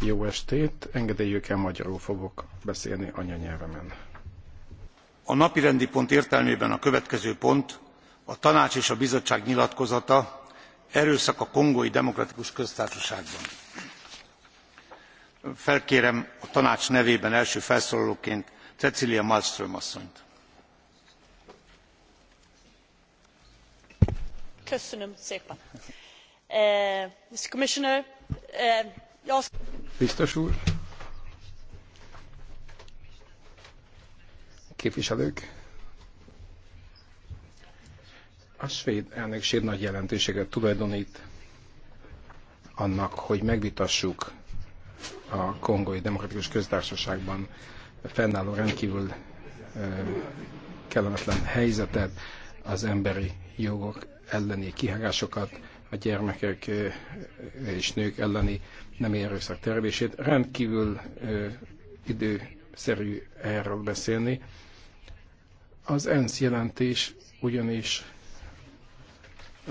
Jó estét, engedélyükkel magyarul fogok beszélni anyanyelvemen. A napirendi pont értelmében a következő pont a tanács és a bizottság nyilatkozata erőszak a kongói demokratikus köztársaságban. felkérem a tanács nevében első felszólalóként cecilia malmström asszonyt. köszönöm szépen! Uh, uh, Biztos úr! Képviselők! A svéd elnökség nagy jelentőséget tulajdonít annak, hogy megvitassuk a Kongói Demokratikus Köztársaságban fennálló rendkvül uh, kellemetlen helyzetet, az emberi jogok elleni kihágásokat, a gyermekek és nők elleni nem erőszak tervését. Rendkívül időszerű erről beszélni. Az ENSZ jelentés ugyanis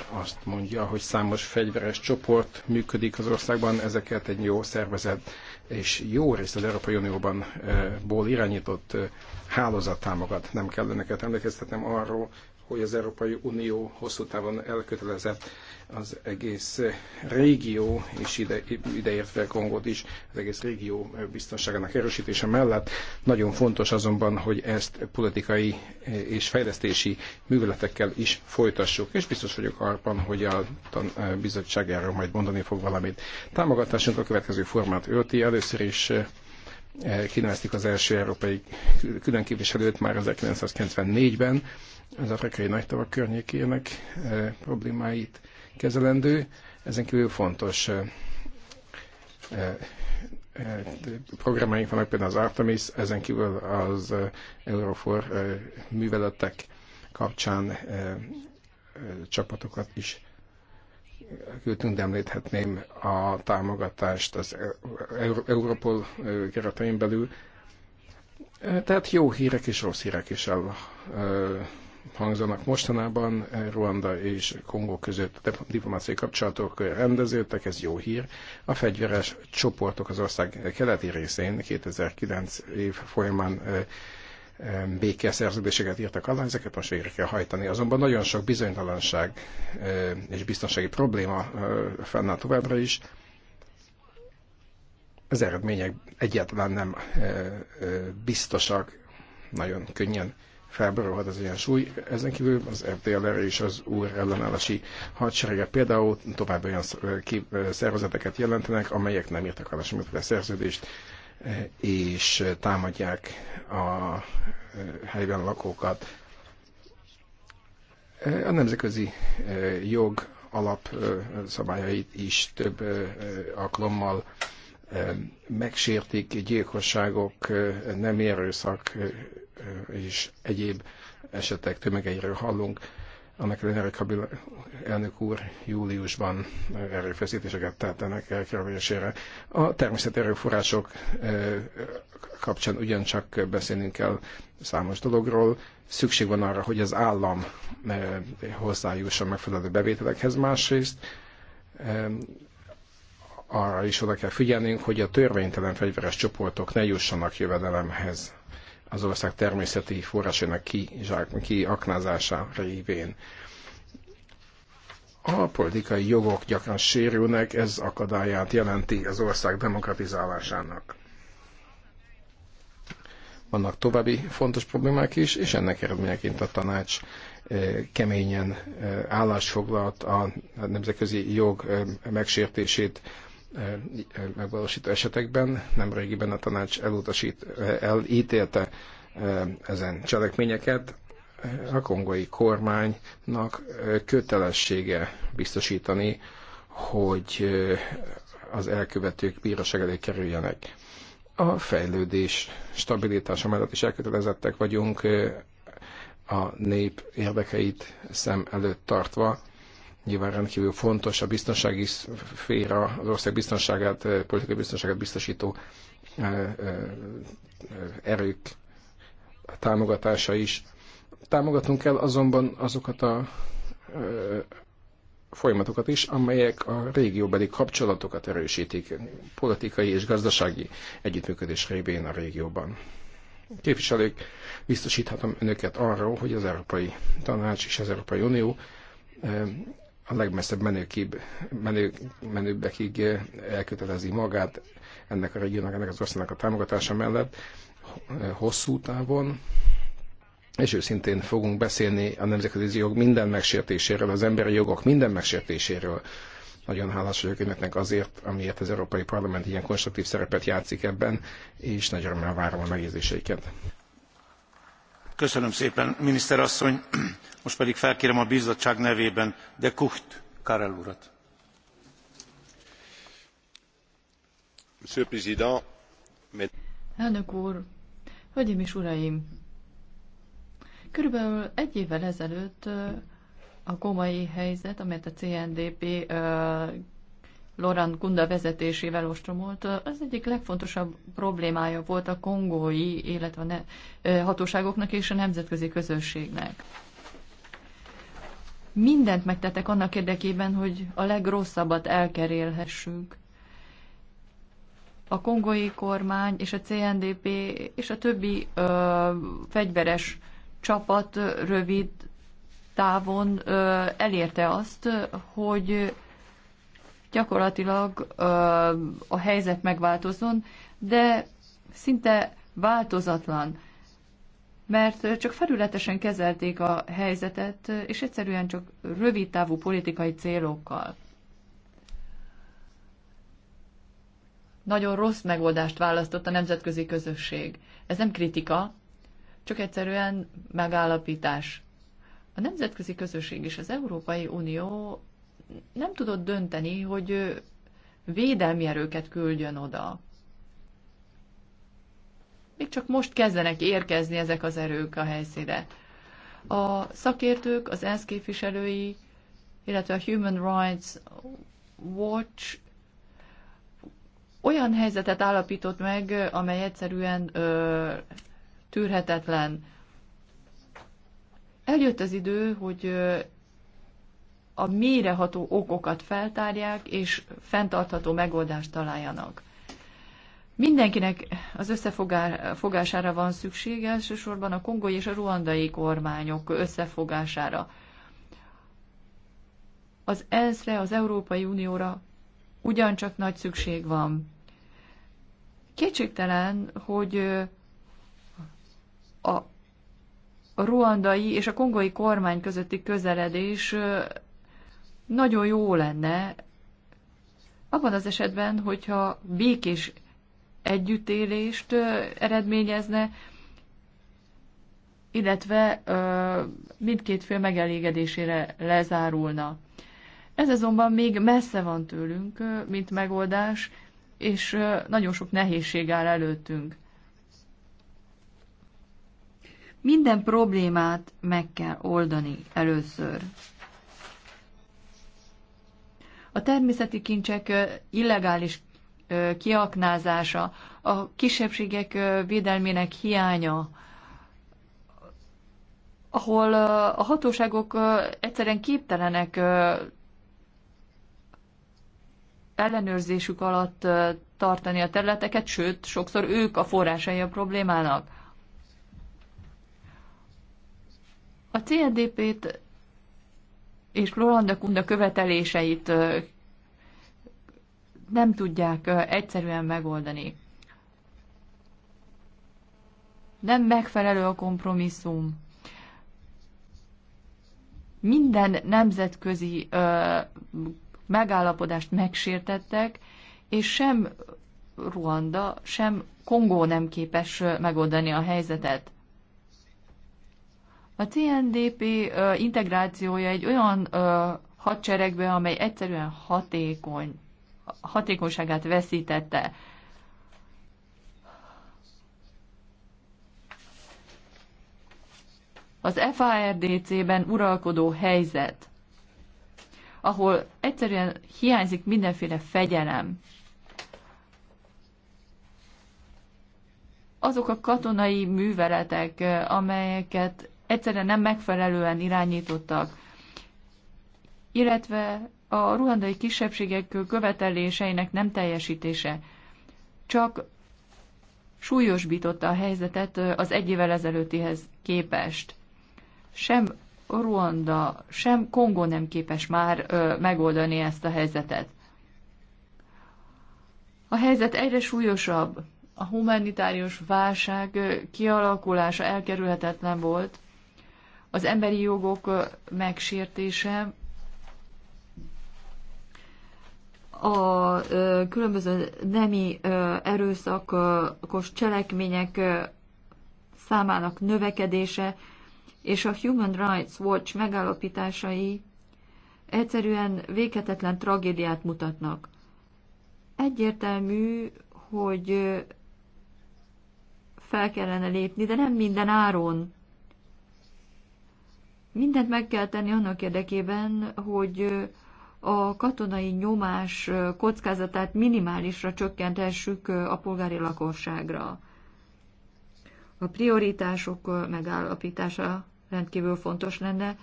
azt mondja, hogy számos fegyveres csoport működik az országban, ezeket egy jó szervezet és jó részt az Európai Unióban ból irányított hálózat támogat. Nem kell önöket emlékeztetnem arról, hogy az Európai Unió hosszú távon elkötelezett az egész régió, és ide, ideértve Kongot is, az egész régió biztonságának erősítése mellett. Nagyon fontos azonban, hogy ezt politikai és fejlesztési műveletekkel is folytassuk, és biztos vagyok arban, hogy a bizottság erről majd mondani fog valamit. Támogatásunk a következő formát ölti. Először is kineveztük az első európai különképviselőt már 1994-ben, az afrikai nagytavak környékének eh, problémáit kezelendő. Ezen kívül fontos eh, eh, programjaink vannak, például az Artemis, ezen kívül az Eurofor műveletek kapcsán csapatokat is küldtünk, de említhetném a támogatást az Europol keretein belül. Tehát jó hírek és rossz hírek is Hangzanak mostanában. Ruanda és Kongó között diplomáciai kapcsolatok rendeződtek, ez jó hír. A fegyveres csoportok az ország keleti részén 2009 év folyamán békeszerződéseket írtak alá, ezeket most végre kell hajtani. Azonban nagyon sok bizonytalanság és biztonsági probléma fennáll továbbra is. Az eredmények egyáltalán nem biztosak, nagyon könnyen felborulhat az ilyen súly. Ezen kívül az FDLR és az úr ellenállási hadserege például tovább olyan szervezeteket jelentenek, amelyek nem írtak alá semmiféle szerződést, és támadják a eh, helyben lakókat. Eh, a nemzetközi eh, jog alapszabályait is több alkalommal megsértik gyilkosságok, nem érőszak és egyéb esetek tömegeiről hallunk amelyekre Erik Kabil elnök úr júliusban erőfeszítéseket tett ennek elkerülésére. A természet erőforrások kapcsán ugyancsak beszélnünk kell számos dologról. Szükség van arra, hogy az állam hozzájusson megfelelő bevételekhez másrészt. Arra is oda kell figyelnünk, hogy a törvénytelen fegyveres csoportok ne jussanak jövedelemhez az ország természeti forrásának kiaknázása révén. A politikai jogok gyakran sérülnek, ez akadályát jelenti az ország demokratizálásának. Vannak további fontos problémák is, és ennek eredményeként a tanács eh, keményen eh, állásfoglalt a nemzetközi jog eh, megsértését E, e, megvalósító esetekben. Nemrégiben a tanács elutasít, e, elítélte ezen cselekményeket. A kongói kormánynak kötelessége biztosítani, hogy az elkövetők bíróság elé kerüljenek. A fejlődés stabilitása mellett is elkötelezettek vagyunk a nép érdekeit szem előtt tartva Nyilván rendkívül fontos a biztonsági szféra, az ország biztonságát, politikai biztonságát biztosító erők támogatása is. Támogatunk kell azonban azokat a folyamatokat is, amelyek a régióbeli kapcsolatokat erősítik politikai és gazdasági együttműködés révén a régióban. Képviselők, biztosíthatom önöket arról, hogy az Európai Tanács és az Európai Unió a legmesszebb menőkig, menő, menőbbekig eh, elkötelezi magát ennek a régiónak, ennek az országnak a támogatása mellett eh, hosszú távon, és őszintén fogunk beszélni a nemzetközi jog minden megsértéséről, az emberi jogok minden megsértéséről. Nagyon hálás vagyok önöknek azért, amiért az Európai Parlament ilyen konstruktív szerepet játszik ebben, és nagyon örömmel várom a megjegyzéseiket. Köszönöm szépen, miniszter asszony. Most pedig felkérem a bizottság nevében de Kucht Karel urat. Elnök úr, hölgyeim és uraim! Körülbelül egy évvel ezelőtt a komai helyzet, amelyet a CNDP Laurent Gunda vezetésével ostromolt, az egyik legfontosabb problémája volt a kongói, illetve a hatóságoknak és a nemzetközi közösségnek. Mindent megtettek annak érdekében, hogy a legrosszabbat elkerélhessünk. A kongói kormány és a CNDP és a többi ö, fegyveres csapat rövid távon ö, elérte azt, hogy gyakorlatilag a helyzet megváltozzon, de szinte változatlan, mert csak felületesen kezelték a helyzetet, és egyszerűen csak rövid távú politikai célokkal. Nagyon rossz megoldást választott a nemzetközi közösség. Ez nem kritika, csak egyszerűen megállapítás. A nemzetközi közösség és az Európai Unió nem tudott dönteni, hogy védelmi erőket küldjön oda. Még csak most kezdenek érkezni ezek az erők a helyszíre. A szakértők, az ENSZ képviselői, illetve a Human Rights Watch olyan helyzetet állapított meg, amely egyszerűen ö, tűrhetetlen. Eljött az idő, hogy a méreható okokat feltárják, és fenntartható megoldást találjanak. Mindenkinek az összefogására van szükség, elsősorban a kongói és a ruandai kormányok összefogására. Az ENSZ-re, az Európai Unióra ugyancsak nagy szükség van. Kétségtelen, hogy a ruandai és a kongói kormány közötti közeledés nagyon jó lenne abban az esetben, hogyha békés együttélést eredményezne, illetve mindkét fél megelégedésére lezárulna. Ez azonban még messze van tőlünk, mint megoldás, és nagyon sok nehézség áll előttünk. Minden problémát meg kell oldani először. A természeti kincsek illegális kiaknázása, a kisebbségek védelmének hiánya, ahol a hatóságok egyszerűen képtelenek ellenőrzésük alatt tartani a területeket, sőt, sokszor ők a forrásai a problémának. A cndp t és Rolanda Kunda követeléseit nem tudják egyszerűen megoldani. Nem megfelelő a kompromisszum. Minden nemzetközi ö, megállapodást megsértettek, és sem Ruanda, sem Kongó nem képes megoldani a helyzetet. A CNDP integrációja egy olyan hadseregbe, amely egyszerűen hatékony, hatékonyságát veszítette. Az FARDC-ben uralkodó helyzet, ahol egyszerűen hiányzik mindenféle fegyelem, azok a katonai műveletek, amelyeket egyszerűen nem megfelelően irányítottak, illetve a ruhandai kisebbségek követeléseinek nem teljesítése csak súlyosbította a helyzetet az egy évvel ezelőttihez képest. Sem Ruanda, sem Kongo nem képes már ö, megoldani ezt a helyzetet. A helyzet egyre súlyosabb. A humanitárius válság kialakulása elkerülhetetlen volt, az emberi jogok megsértése a különböző nemi erőszakos cselekmények számának növekedése és a Human Rights Watch megállapításai egyszerűen véghetetlen tragédiát mutatnak. Egyértelmű, hogy fel kellene lépni, de nem minden áron. Mindent meg kell tenni annak érdekében, hogy a katonai nyomás kockázatát minimálisra csökkenthessük a polgári lakosságra. A prioritások megállapítása rendkívül fontos lenne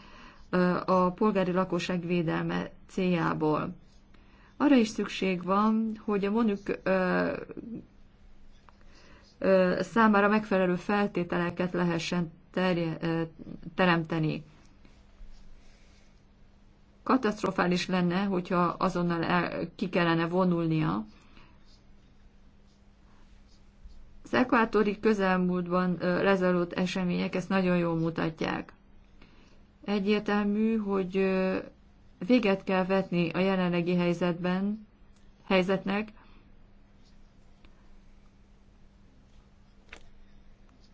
a polgári lakosság védelme céljából. Arra is szükség van, hogy a monük számára megfelelő feltételeket lehessen terje, teremteni katasztrofális lenne, hogyha azonnal el, ki kellene vonulnia. Az ekvátori közelmúltban lezajlott események ezt nagyon jól mutatják. Egyértelmű, hogy véget kell vetni a jelenlegi helyzetben, helyzetnek,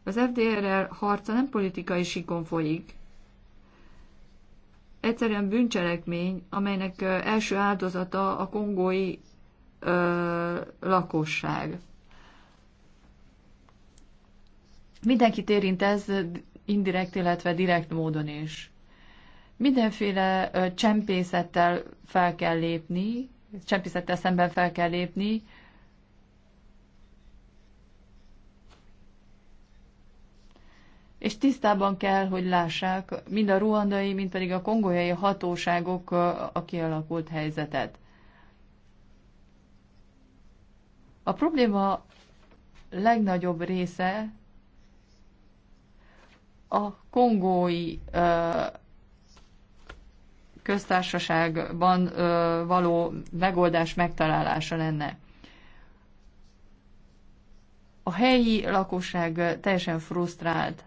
Az FDR-rel harca nem politikai sikon folyik, egyszerűen bűncselekmény, amelynek első áldozata a kongói ö, lakosság. Mindenkit érint ez indirekt, illetve direkt módon is. Mindenféle ö, csempészettel fel kell lépni, csempészettel szemben fel kell lépni, és tisztában kell, hogy lássák mind a ruandai, mind pedig a kongolyai hatóságok a kialakult helyzetet. A probléma legnagyobb része a kongói köztársaságban való megoldás megtalálása lenne. A helyi lakosság teljesen frusztrált.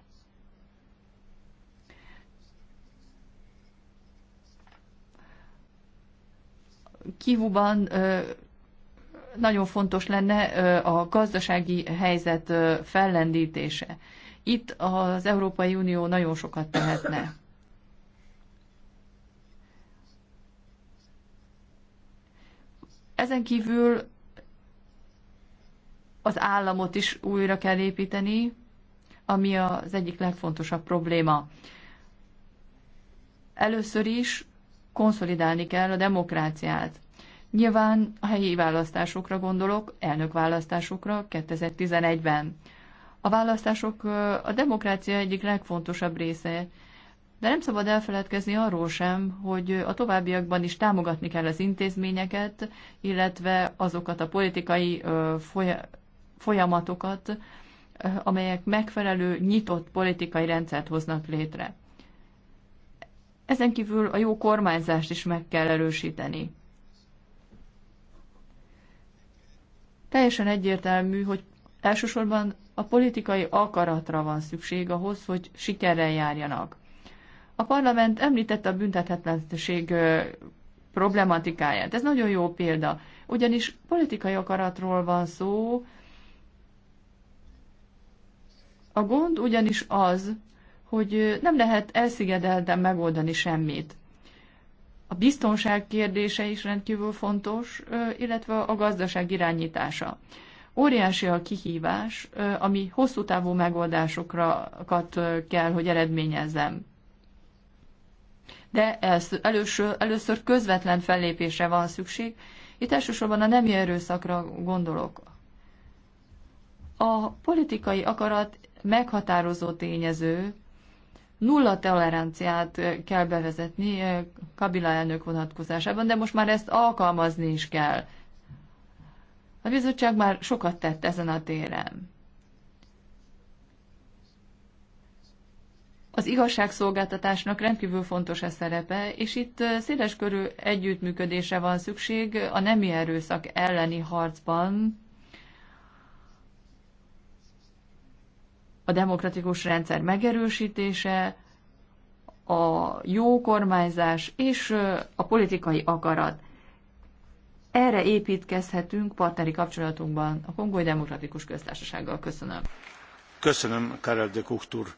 Kivuban nagyon fontos lenne a gazdasági helyzet fellendítése. Itt az Európai Unió nagyon sokat tehetne. Ezen kívül az államot is újra kell építeni, ami az egyik legfontosabb probléma. Először is konszolidálni kell a demokráciát. Nyilván a helyi választásokra gondolok, elnökválasztásokra 2011-ben. A választások a demokrácia egyik legfontosabb része, de nem szabad elfeledkezni arról sem, hogy a továbbiakban is támogatni kell az intézményeket, illetve azokat a politikai folyamatokat, amelyek megfelelő, nyitott politikai rendszert hoznak létre. Ezen kívül a jó kormányzást is meg kell erősíteni. Teljesen egyértelmű, hogy elsősorban a politikai akaratra van szükség ahhoz, hogy sikerrel járjanak. A parlament említette a büntethetetlenség problematikáját. Ez nagyon jó példa, ugyanis politikai akaratról van szó. A gond ugyanis az, hogy nem lehet elszigedelten megoldani semmit. A biztonság kérdése is rendkívül fontos, illetve a gazdaság irányítása. Óriási a kihívás, ami hosszú távú megoldásokat kell, hogy eredményezzem. De először, először közvetlen fellépésre van szükség. Itt elsősorban a nemi erőszakra gondolok. A politikai akarat meghatározó tényező, nulla toleranciát kell bevezetni Kabila elnök vonatkozásában, de most már ezt alkalmazni is kell. A bizottság már sokat tett ezen a téren. Az igazságszolgáltatásnak rendkívül fontos a szerepe, és itt széles körű együttműködésre van szükség a nemi erőszak elleni harcban, a demokratikus rendszer megerősítése, a jó kormányzás és a politikai akarat. Erre építkezhetünk partneri kapcsolatunkban a Kongói Demokratikus Köztársasággal. Köszönöm. Köszönöm, Karel de Kuchtur.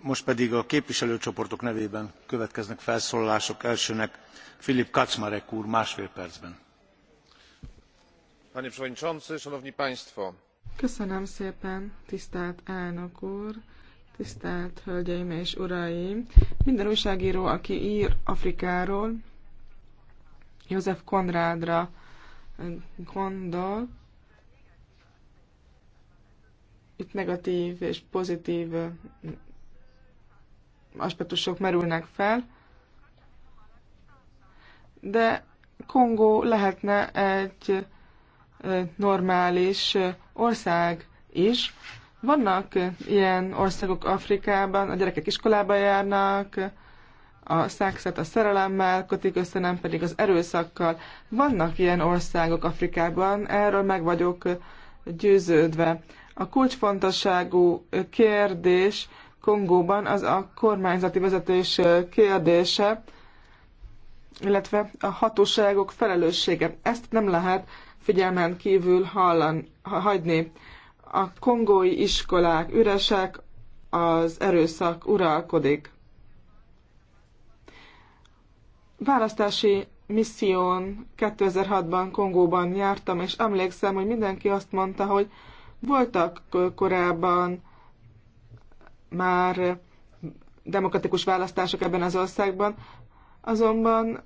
Most pedig a képviselőcsoportok nevében következnek felszólalások. Elsőnek Filip Kacmarek úr másfél percben. Panie Przewodniczący, Szanowni Państwo! Köszönöm szépen, tisztelt elnök úr, tisztelt hölgyeim és uraim. Minden újságíró, aki ír Afrikáról, József Konrádra gondol, itt negatív és pozitív aspektusok merülnek fel, de Kongó lehetne egy normális ország is. Vannak ilyen országok Afrikában, a gyerekek iskolába járnak, a szexet a szerelemmel kötik össze, nem pedig az erőszakkal. Vannak ilyen országok Afrikában, erről meg vagyok győződve. A kulcsfontosságú kérdés Kongóban az a kormányzati vezetés kérdése, illetve a hatóságok felelőssége. Ezt nem lehet figyelmen kívül hallan, hagyni. A kongói iskolák üresek, az erőszak uralkodik. Választási misszión 2006-ban Kongóban jártam, és emlékszem, hogy mindenki azt mondta, hogy voltak korábban már demokratikus választások ebben az országban, azonban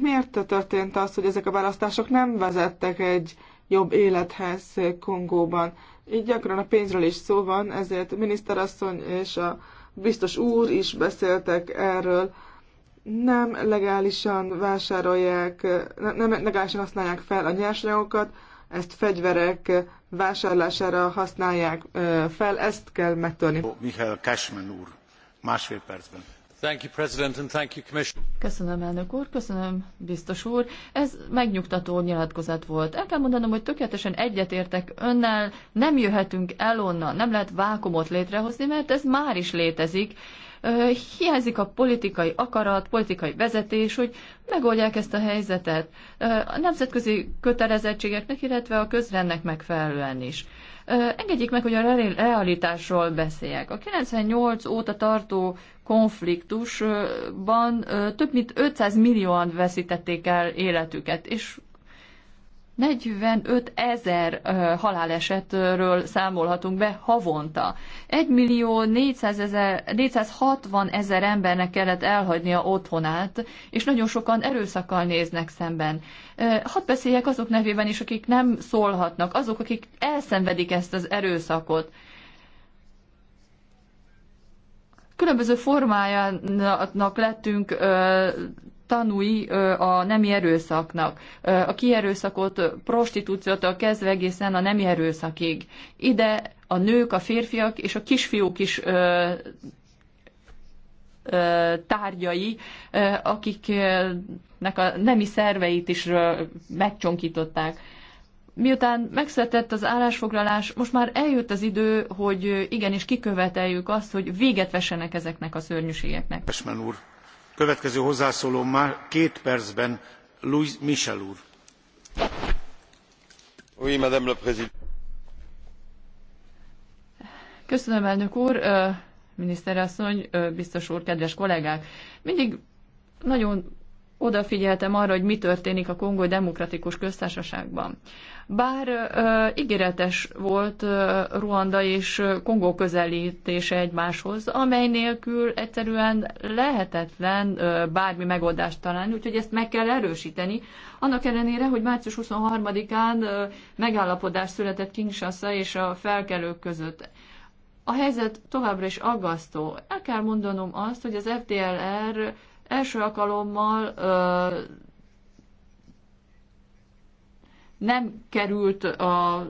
miért történt az, hogy ezek a választások nem vezettek egy jobb élethez Kongóban? Így gyakran a pénzről is szó van, ezért a miniszterasszony és a biztos úr is beszéltek erről. Nem legálisan vásárolják, nem legálisan használják fel a nyersanyagokat, ezt fegyverek vásárlására használják fel, ezt kell megtörni. Mihály Cashman úr, másfél percben. Köszönöm, elnök úr, köszönöm, biztos úr. Ez megnyugtató nyilatkozat volt. El kell mondanom, hogy tökéletesen egyetértek önnel, nem jöhetünk el onnan, nem lehet vákumot létrehozni, mert ez már is létezik. Hiányzik a politikai akarat, politikai vezetés, hogy megoldják ezt a helyzetet a nemzetközi kötelezettségeknek, illetve a közrendnek megfelelően is. Engedjék meg, hogy a realitásról beszéljek. A 98 óta tartó konfliktusban több mint 500 millióan veszítették el életüket, és 45 ezer halálesetről számolhatunk be havonta. 1 millió 400 ezer, 460 ezer embernek kellett elhagynia otthonát, és nagyon sokan erőszakkal néznek szemben. Hadd beszéljek azok nevében is, akik nem szólhatnak, azok, akik elszenvedik ezt az erőszakot. Különböző formájának lettünk tanúi a nemi erőszaknak. A kierőszakot, prostitúciótól kezdve egészen a nemi erőszakig. Ide a nők, a férfiak és a kisfiúk is tárgyai, akiknek a nemi szerveit is megcsonkították. Miután megszületett az állásfoglalás, most már eljött az idő, hogy igenis kiköveteljük azt, hogy véget vessenek ezeknek a szörnyűségeknek. Pesmen úr, következő hozzászóló már két percben Louis Michel úr. Oui, madame la présidente. Köszönöm, elnök úr, miniszterasszony, biztos úr, kedves kollégák. Mindig nagyon odafigyeltem arra, hogy mi történik a Kongói Demokratikus Köztársaságban. Bár ö, ígéretes volt ö, Ruanda és Kongó közelítése egymáshoz, amely nélkül egyszerűen lehetetlen ö, bármi megoldást találni, úgyhogy ezt meg kell erősíteni. Annak ellenére, hogy március 23-án megállapodás született Kinshasa és a felkelők között. A helyzet továbbra is aggasztó. El kell mondanom azt, hogy az FDLR Első alkalommal ö, nem került a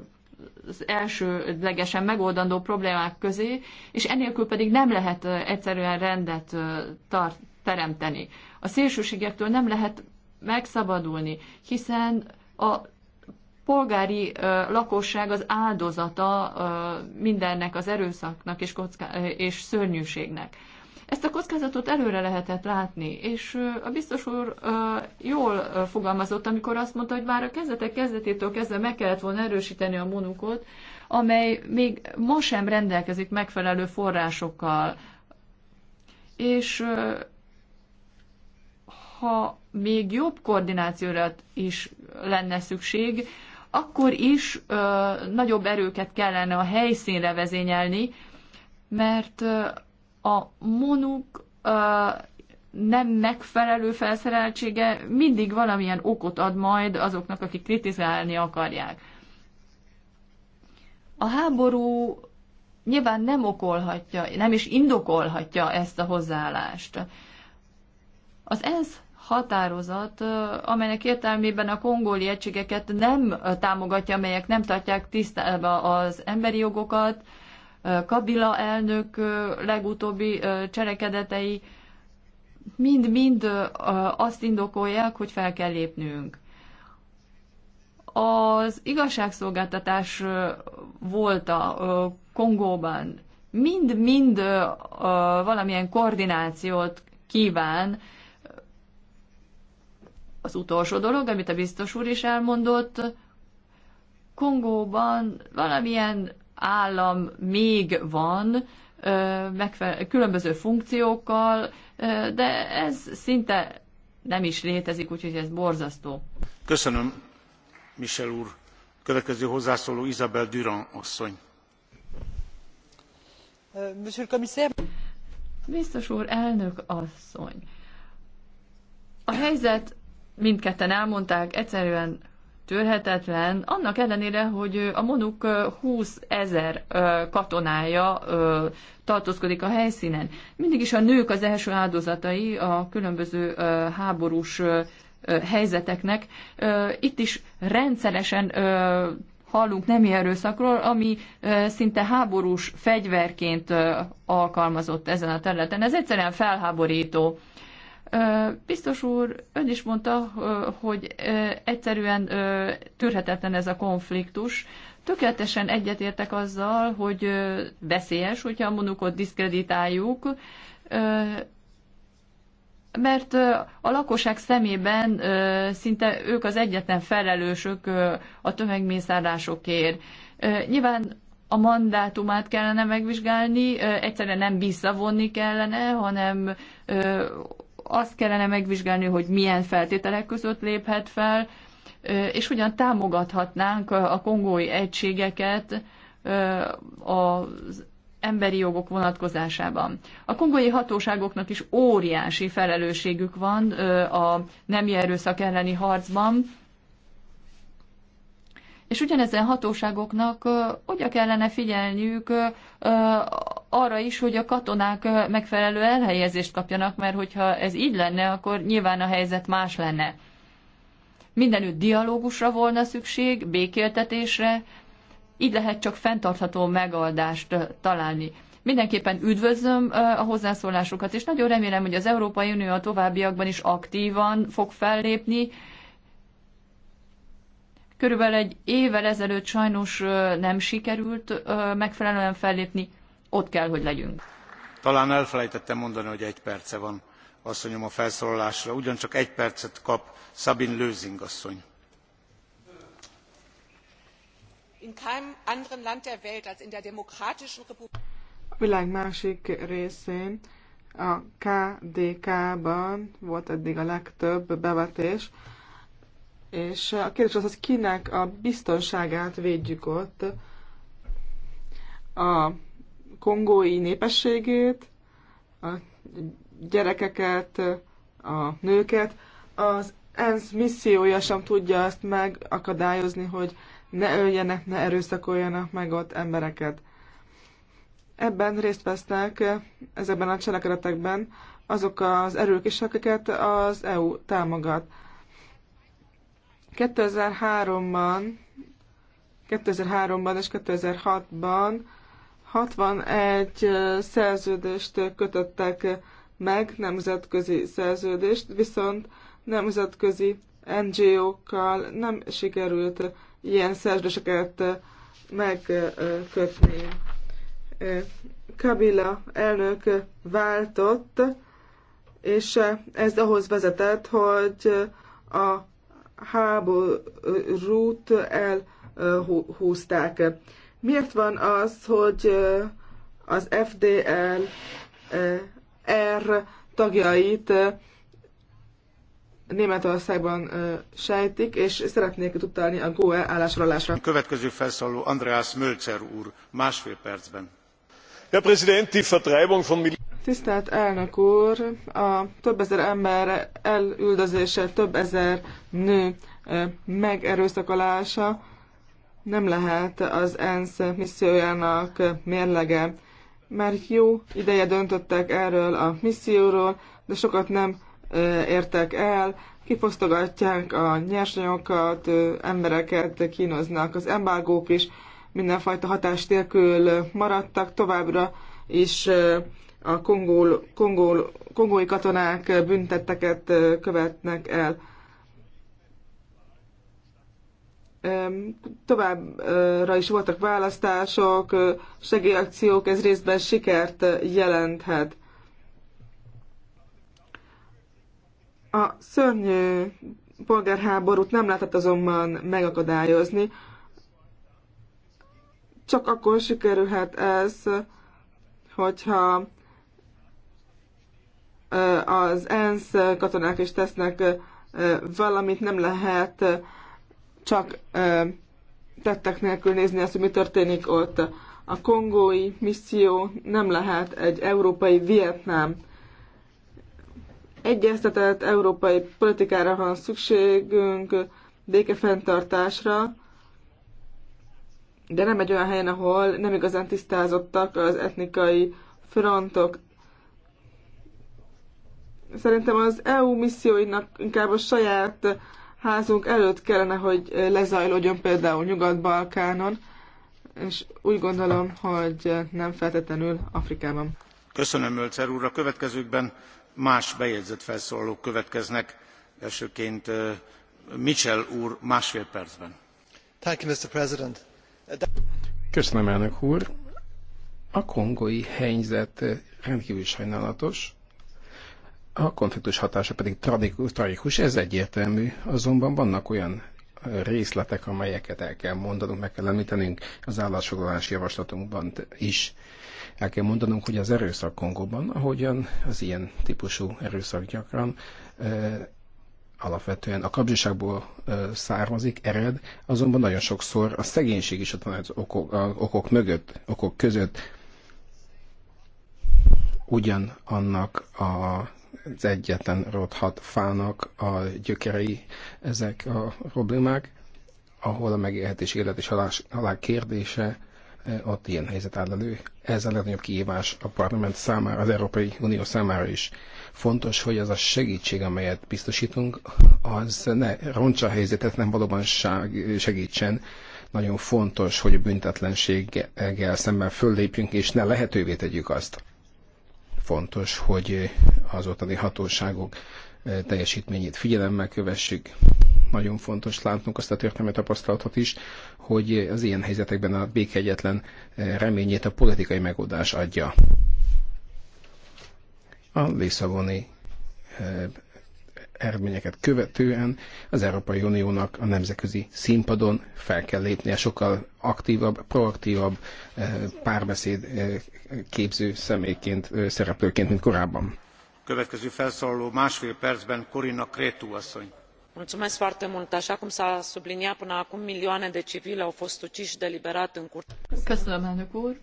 az elsődlegesen megoldandó problémák közé, és enélkül pedig nem lehet egyszerűen rendet tart, teremteni. A szélsőségektől nem lehet megszabadulni, hiszen a polgári lakosság az áldozata mindennek az erőszaknak és, kocká- és szörnyűségnek. Ezt a kockázatot előre lehetett látni, és a biztos úr jól fogalmazott, amikor azt mondta, hogy már a kezdetek kezdetétől kezdve meg kellett volna erősíteni a monukot, amely még ma sem rendelkezik megfelelő forrásokkal. És ha még jobb koordinációra is lenne szükség, akkor is ö, nagyobb erőket kellene a helyszínre vezényelni, mert a monuk nem megfelelő felszereltsége mindig valamilyen okot ad majd azoknak, akik kritizálni akarják. A háború nyilván nem okolhatja, nem is indokolhatja ezt a hozzáállást. Az ENSZ határozat, amelynek értelmében a kongoli egységeket nem támogatja, amelyek nem tartják tisztelbe az emberi jogokat, Kabila elnök legutóbbi cselekedetei mind-mind azt indokolják, hogy fel kell lépnünk. Az igazságszolgáltatás volt a Kongóban mind-mind valamilyen koordinációt kíván. Az utolsó dolog, amit a biztos úr is elmondott, Kongóban valamilyen állam még van különböző funkciókkal, de ez szinte nem is létezik, úgyhogy ez borzasztó. Köszönöm, Michel úr. Következő hozzászóló Isabel Durand asszony. Monsieur le commissaire. Biztos úr, elnök asszony. A helyzet, mindketten elmondták, egyszerűen törhetetlen, annak ellenére, hogy a monuk 20 ezer katonája tartózkodik a helyszínen. Mindig is a nők az első áldozatai a különböző háborús helyzeteknek. Itt is rendszeresen hallunk nemi erőszakról, ami szinte háborús fegyverként alkalmazott ezen a területen. Ez egyszerűen felháborító. Biztos úr, ön is mondta, hogy egyszerűen tűrhetetlen ez a konfliktus. Tökéletesen egyetértek azzal, hogy veszélyes, hogyha a monukot diszkreditáljuk, mert a lakosság szemében szinte ők az egyetlen felelősök a tömegmészárlásokért. Nyilván a mandátumát kellene megvizsgálni, egyszerűen nem visszavonni kellene, hanem azt kellene megvizsgálni, hogy milyen feltételek között léphet fel, és hogyan támogathatnánk a kongói egységeket az emberi jogok vonatkozásában. A kongói hatóságoknak is óriási felelősségük van a nemi erőszak elleni harcban, és ugyanezen hatóságoknak oda kellene figyelniük arra is, hogy a katonák megfelelő elhelyezést kapjanak, mert hogyha ez így lenne, akkor nyilván a helyzet más lenne. Mindenütt dialógusra volna szükség, békéltetésre, így lehet csak fenntartható megoldást találni. Mindenképpen üdvözlöm a hozzászólásukat, és nagyon remélem, hogy az Európai Unió a továbbiakban is aktívan fog fellépni, Körülbelül egy évvel ezelőtt sajnos nem sikerült megfelelően fellépni, ott kell, hogy legyünk. Talán elfelejtettem mondani, hogy egy perce van asszonyom a felszólalásra. Ugyancsak egy percet kap Sabine Lőzing asszony. A világ másik részén, a KDK-ban volt eddig a legtöbb bevetés, és a kérdés az, hogy kinek a biztonságát védjük ott, a kongói népességét, a gyerekeket, a nőket. Az ENSZ missziója sem tudja azt megakadályozni, hogy ne öljenek, ne erőszakoljanak meg ott embereket. Ebben részt vesznek, ezekben a cselekedetekben azok az erők is, akiket az EU támogat. 2003-ban 2003-ban és 2006-ban 61 szerződést kötöttek meg, nemzetközi szerződést, viszont nemzetközi NGO-kkal nem sikerült ilyen szerződéseket megkötni. Kabila elnök váltott, és ez ahhoz vezetett, hogy a háborút elhúzták. Miért van az, hogy eh, az FDL eh, R tagjait eh, Németországban sejtik, és szeretnék tudtálni a GOE állásrólásra. Következő felszóló Andreas Mölzer úr, másfél percben. Herr Präsident, die Vertreibung von Tisztelt elnök úr, a több ezer ember elüldözése, több ezer nő megerőszakolása nem lehet az ENSZ missziójának mérlege. Már jó ideje döntöttek erről a misszióról, de sokat nem értek el, kifosztogatják a nyersanyagokat, embereket kínoznak, az embargók is mindenfajta hatást nélkül maradtak, továbbra is a kongol, kongol, kongói katonák büntetteket követnek el. Továbbra is voltak választások, segélyakciók, ez részben sikert jelenthet. A szörnyű polgárháborút nem lehetett azonban megakadályozni, csak akkor sikerülhet ez, hogyha az ENSZ katonák is tesznek valamit, nem lehet csak tettek nélkül nézni azt, hogy mi történik ott. A kongói misszió nem lehet egy európai Vietnám. Egyeztetett európai politikára van szükségünk, békefenntartásra, de nem egy olyan helyen, ahol nem igazán tisztázottak az etnikai frontok. Szerintem az EU misszióinak inkább a saját házunk előtt kellene, hogy lezajlódjon például Nyugat-Balkánon, és úgy gondolom, hogy nem feltétlenül Afrikában. Köszönöm, Mölcer úr. A következőkben más bejegyzett felszólalók következnek. Elsőként Mitchell úr másfél percben. Thank you, Mr. President. Köszönöm, elnök úr. A kongói helyzet rendkívül sajnálatos a konfliktus hatása pedig tragikus, ez egyértelmű, azonban vannak olyan részletek, amelyeket el kell mondanunk, meg kell említenünk az állásfoglalási javaslatunkban is. El kell mondanunk, hogy az erőszak Kongóban, ahogyan az ilyen típusú erőszak gyakran e, alapvetően a kapzsiságból e, származik, ered, azonban nagyon sokszor a szegénység is ott van az okok, a okok mögött, okok között, ugyanannak a az egyetlen rothat fának a gyökerei ezek a problémák, ahol a megélhetés, élet és halál kérdése e, ott ilyen helyzet áll elő. Ez a legnagyobb kihívás a parlament számára, az Európai Unió számára is. Fontos, hogy az a segítség, amelyet biztosítunk, az ne roncsa a helyzetet, nem valóban segítsen. Nagyon fontos, hogy a büntetlenséggel szemben föllépjünk, és ne lehetővé tegyük azt fontos, hogy az ottani hatóságok eh, teljesítményét figyelemmel kövessük. Nagyon fontos látnunk azt a történelmi tapasztalatot is, hogy az ilyen helyzetekben a egyetlen eh, reményét a politikai megoldás adja. A Lisszaboni eh, eredményeket követően az Európai Uniónak a nemzetközi színpadon fel kell lépnie sokkal aktívabb, proaktívabb eh, párbeszéd eh, képző személyként, eh, szereplőként, mint korábban. Következő felszólaló másfél percben Corina Cretu asszony. Mulțumesc foarte mult. Așa cum s-a subliniat până acum, milioane de civili au fost uciși deliberat în curte. Köszönöm, elnök úr.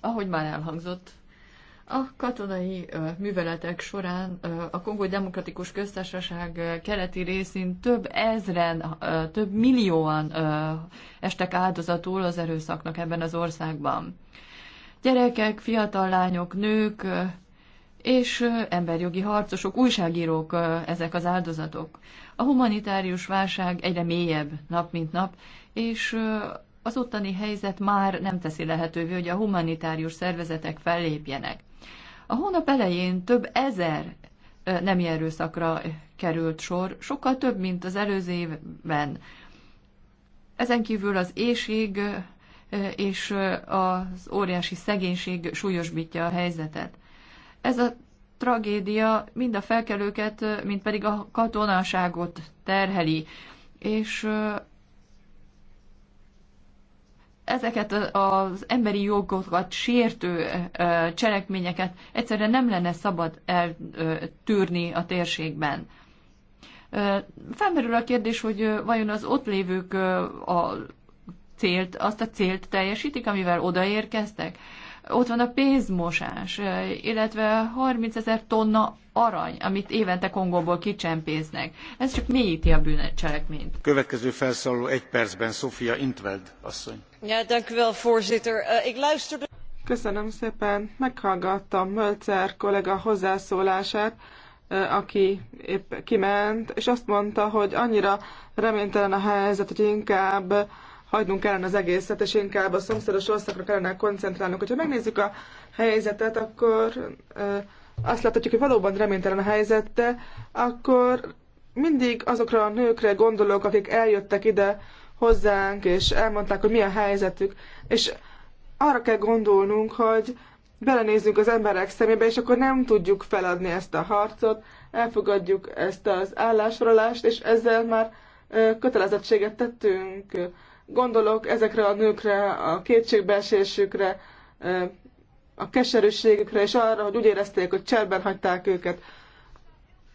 Ahogy már elhangzott, a katonai műveletek során a Kongói Demokratikus Köztársaság keleti részén több ezren, több millióan estek áldozatul az erőszaknak ebben az országban. Gyerekek, fiatal lányok, nők és emberjogi harcosok, újságírók ezek az áldozatok. A humanitárius válság egyre mélyebb nap mint nap, és az ottani helyzet már nem teszi lehetővé, hogy a humanitárius szervezetek fellépjenek. A hónap elején több ezer nem erőszakra került sor, sokkal több, mint az előző évben. Ezen kívül az éjség és az óriási szegénység súlyosbítja a helyzetet. Ez a tragédia mind a felkelőket, mind pedig a katonaságot terheli, és ezeket az emberi jogokat sértő cselekményeket egyszerűen nem lenne szabad eltűrni a térségben. Felmerül a kérdés, hogy vajon az ott lévők a célt, azt a célt teljesítik, amivel odaérkeztek? ott van a pénzmosás, illetve 30 ezer tonna arany, amit évente Kongóból kicsempéznek. Ez csak mélyíti a bűncselekményt. Következő felszóló egy percben, Sofia Intveld asszony. Ja, dank Uh, Köszönöm szépen. Meghallgattam Mölcer kollega hozzászólását, eh, aki épp kiment, és azt mondta, hogy annyira reménytelen a helyzet, hogy inkább hagynunk kellene az egészet, és inkább a szomszédos országokra kellene koncentrálnunk. Hogyha megnézzük a helyzetet, akkor azt láthatjuk, hogy valóban reménytelen a helyzette, akkor mindig azokra a nőkre gondolok, akik eljöttek ide hozzánk, és elmondták, hogy mi a helyzetük, és arra kell gondolnunk, hogy belenézzünk az emberek szemébe, és akkor nem tudjuk feladni ezt a harcot, elfogadjuk ezt az állásfoglalást, és ezzel már kötelezettséget tettünk Gondolok ezekre a nőkre, a kétségbeesésükre, a keserűségükre, és arra, hogy úgy érezték, hogy cserben hagyták őket.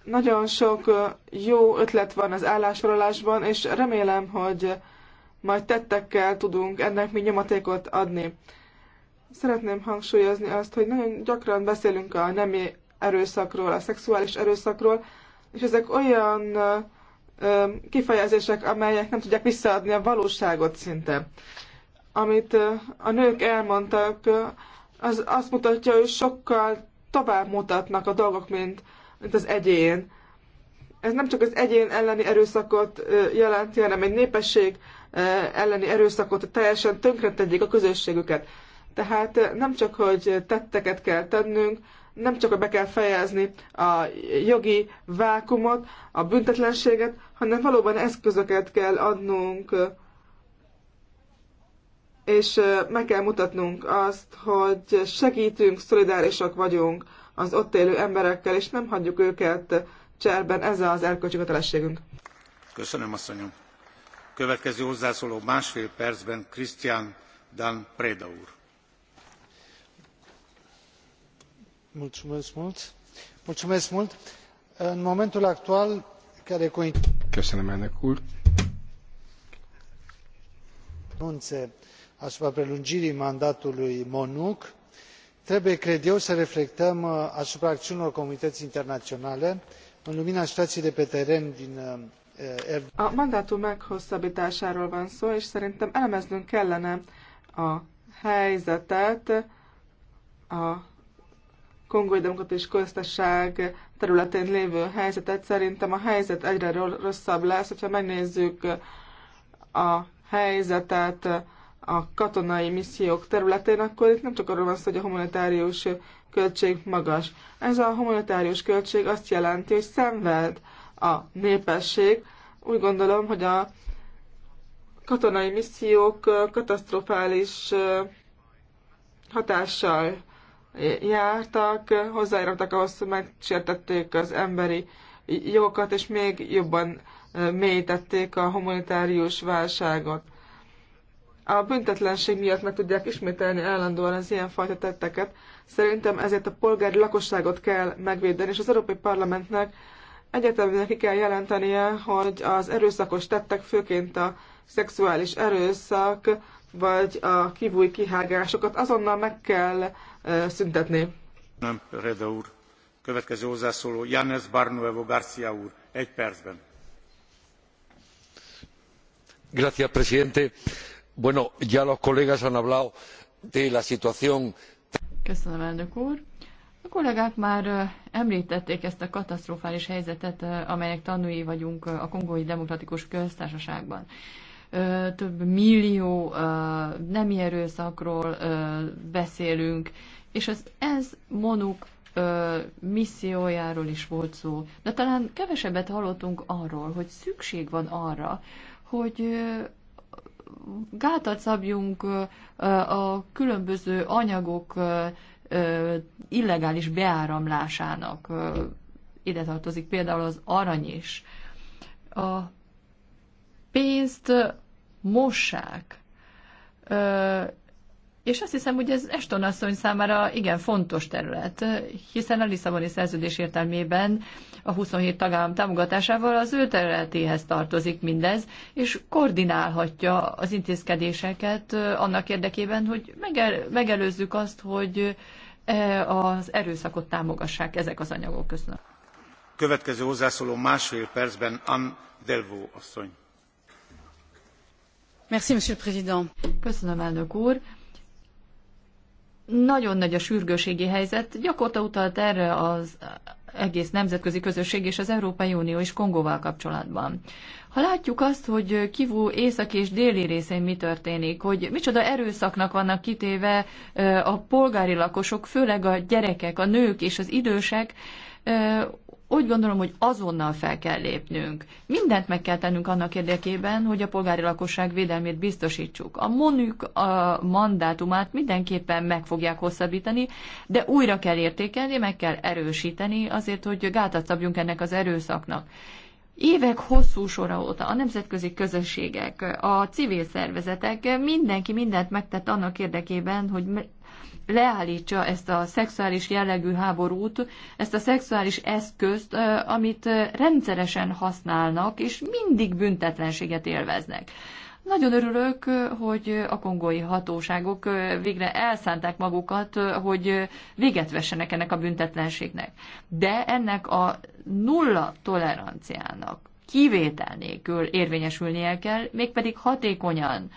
Nagyon sok jó ötlet van az állásfoglalásban, és remélem, hogy majd tettekkel tudunk ennek mi nyomatékot adni. Szeretném hangsúlyozni azt, hogy nagyon gyakran beszélünk a nemi erőszakról, a szexuális erőszakról, és ezek olyan kifejezések, amelyek nem tudják visszaadni a valóságot szinte. Amit a nők elmondtak, az azt mutatja, hogy sokkal tovább mutatnak a dolgok, mint, mint az egyén. Ez nem csak az egyén elleni erőszakot jelenti, hanem egy népesség elleni erőszakot, hogy teljesen tönkretegyék a közösségüket. Tehát nem csak, hogy tetteket kell tennünk, nem csak be kell fejezni a jogi vákumot, a büntetlenséget, hanem valóban eszközöket kell adnunk, és meg kell mutatnunk azt, hogy segítünk, szolidárisak vagyunk az ott élő emberekkel, és nem hagyjuk őket cserben. Ez az erkölcsi kötelességünk. Köszönöm, asszonyom. Következő hozzászóló másfél percben Krisztián Dan Preda úr în momentul actual care coincide cu anune asupra prelungirii mandatului monuc trebuie cred eu să reflectăm uh, asupra acțiunilor comunității internaționale în lumina situației de pe teren din uh, a mandátum meghosszabbításáról van szó, és szerintem elemeznünk kellene a helyzetet a Kongói Demokratikus Köztesség területén lévő helyzetet. Szerintem a helyzet egyre rosszabb lesz, hogyha megnézzük a helyzetet a katonai missziók területén, akkor itt nem csak arról van szó, hogy a humanitárius költség magas. Ez a humanitárius költség azt jelenti, hogy szenved a népesség. Úgy gondolom, hogy a katonai missziók katasztrofális hatással jártak, hozzájártak ahhoz, hogy megsértették az emberi jogokat, és még jobban mélyítették a humanitárius válságot. A büntetlenség miatt meg tudják ismételni állandóan az ilyenfajta tetteket. Szerintem ezért a polgári lakosságot kell megvédeni, és az Európai Parlamentnek egyetemben ki kell jelentenie, hogy az erőszakos tettek, főként a szexuális erőszak vagy a kivúj kihágásokat azonnal meg kell szüntetni. Nem, Reda úr. Következő hozzászóló Janes Barnuevo Garcia úr, egy percben. Gracias, presidente. Bueno, ya los colegas han hablado de la situación. Köszönöm, elnök úr. A kollégák már említették ezt a katasztrofális helyzetet, amelynek tanúi vagyunk a Kongói Demokratikus Köztársaságban több millió nemi erőszakról beszélünk, és ez ez monuk missziójáról is volt szó. De talán kevesebbet hallottunk arról, hogy szükség van arra, hogy gátat szabjunk a különböző anyagok illegális beáramlásának. Ide tartozik például az arany is. A pénzt mossák. Ö, és azt hiszem, hogy ez Eston asszony számára igen fontos terület, hiszen a Lisszaboni szerződés értelmében a 27 tagállam támogatásával az ő területéhez tartozik mindez, és koordinálhatja az intézkedéseket annak érdekében, hogy megel- megelőzzük azt, hogy az erőszakot támogassák ezek az anyagok. Köszönöm. Következő hozzászóló másfél percben Anne Delvaux asszony. Merci, Monsieur le Président. Köszönöm, elnök úr. Nagyon nagy a sürgőségi helyzet. Gyakorta utalt erre az egész nemzetközi közösség és az Európai Unió is Kongóval kapcsolatban. Ha látjuk azt, hogy Kivu északi és déli részén mi történik, hogy micsoda erőszaknak vannak kitéve a polgári lakosok, főleg a gyerekek, a nők és az idősek, úgy gondolom, hogy azonnal fel kell lépnünk. Mindent meg kell tennünk annak érdekében, hogy a polgári lakosság védelmét biztosítsuk. A monük a mandátumát mindenképpen meg fogják hosszabbítani, de újra kell értékelni, meg kell erősíteni azért, hogy gátat szabjunk ennek az erőszaknak. Évek hosszú sora óta a nemzetközi közösségek, a civil szervezetek, mindenki mindent megtett annak érdekében, hogy leállítsa ezt a szexuális jellegű háborút, ezt a szexuális eszközt, amit rendszeresen használnak, és mindig büntetlenséget élveznek. Nagyon örülök, hogy a kongói hatóságok végre elszánták magukat, hogy véget vessenek ennek a büntetlenségnek. De ennek a nulla toleranciának kivétel nélkül érvényesülnie kell, mégpedig hatékonyan